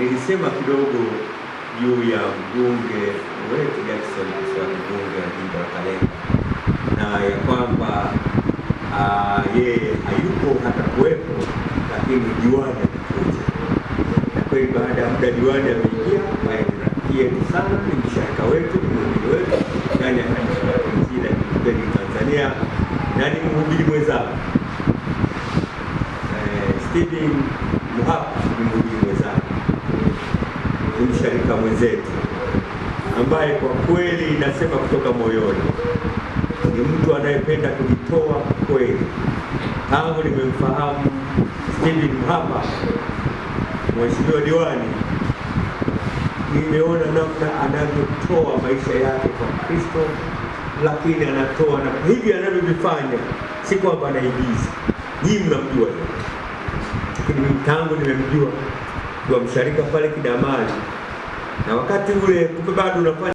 Nilisema kidogo juu ya mbunge wetu Jackson Kiswali, mbunge wa jimbo la Kalenga, na ya kwamba ah, yeye hayupo hata kuwepo, lakini diwani amekuja, na kweli baada ya muda diwani ameingia, ambaye ni rafiki yetu sana, ni mshirika wetu, ni mhubiri wetu ndani ya kanisa la Kiinjili Kilutheri Tanzania na ni mhubiri mwenzangu eh, Stephen Muhapa msharika mwenzetu ambaye kwa kweli nasema kutoka moyoni, ni mtu anayependa kujitoa kweli. Tangu nimemfahamu Stephen Mhapa, mheshimiwa diwani, nimeona namna anavyotoa maisha yake kwa Kristo, lakini anatoa na hivi anavyovifanya, si kwamba anaigiza. Nyinyi mnamjua, lakini tangu nimemjua kwa msharika pale kidamali na wakati ule kumbe bado unafanya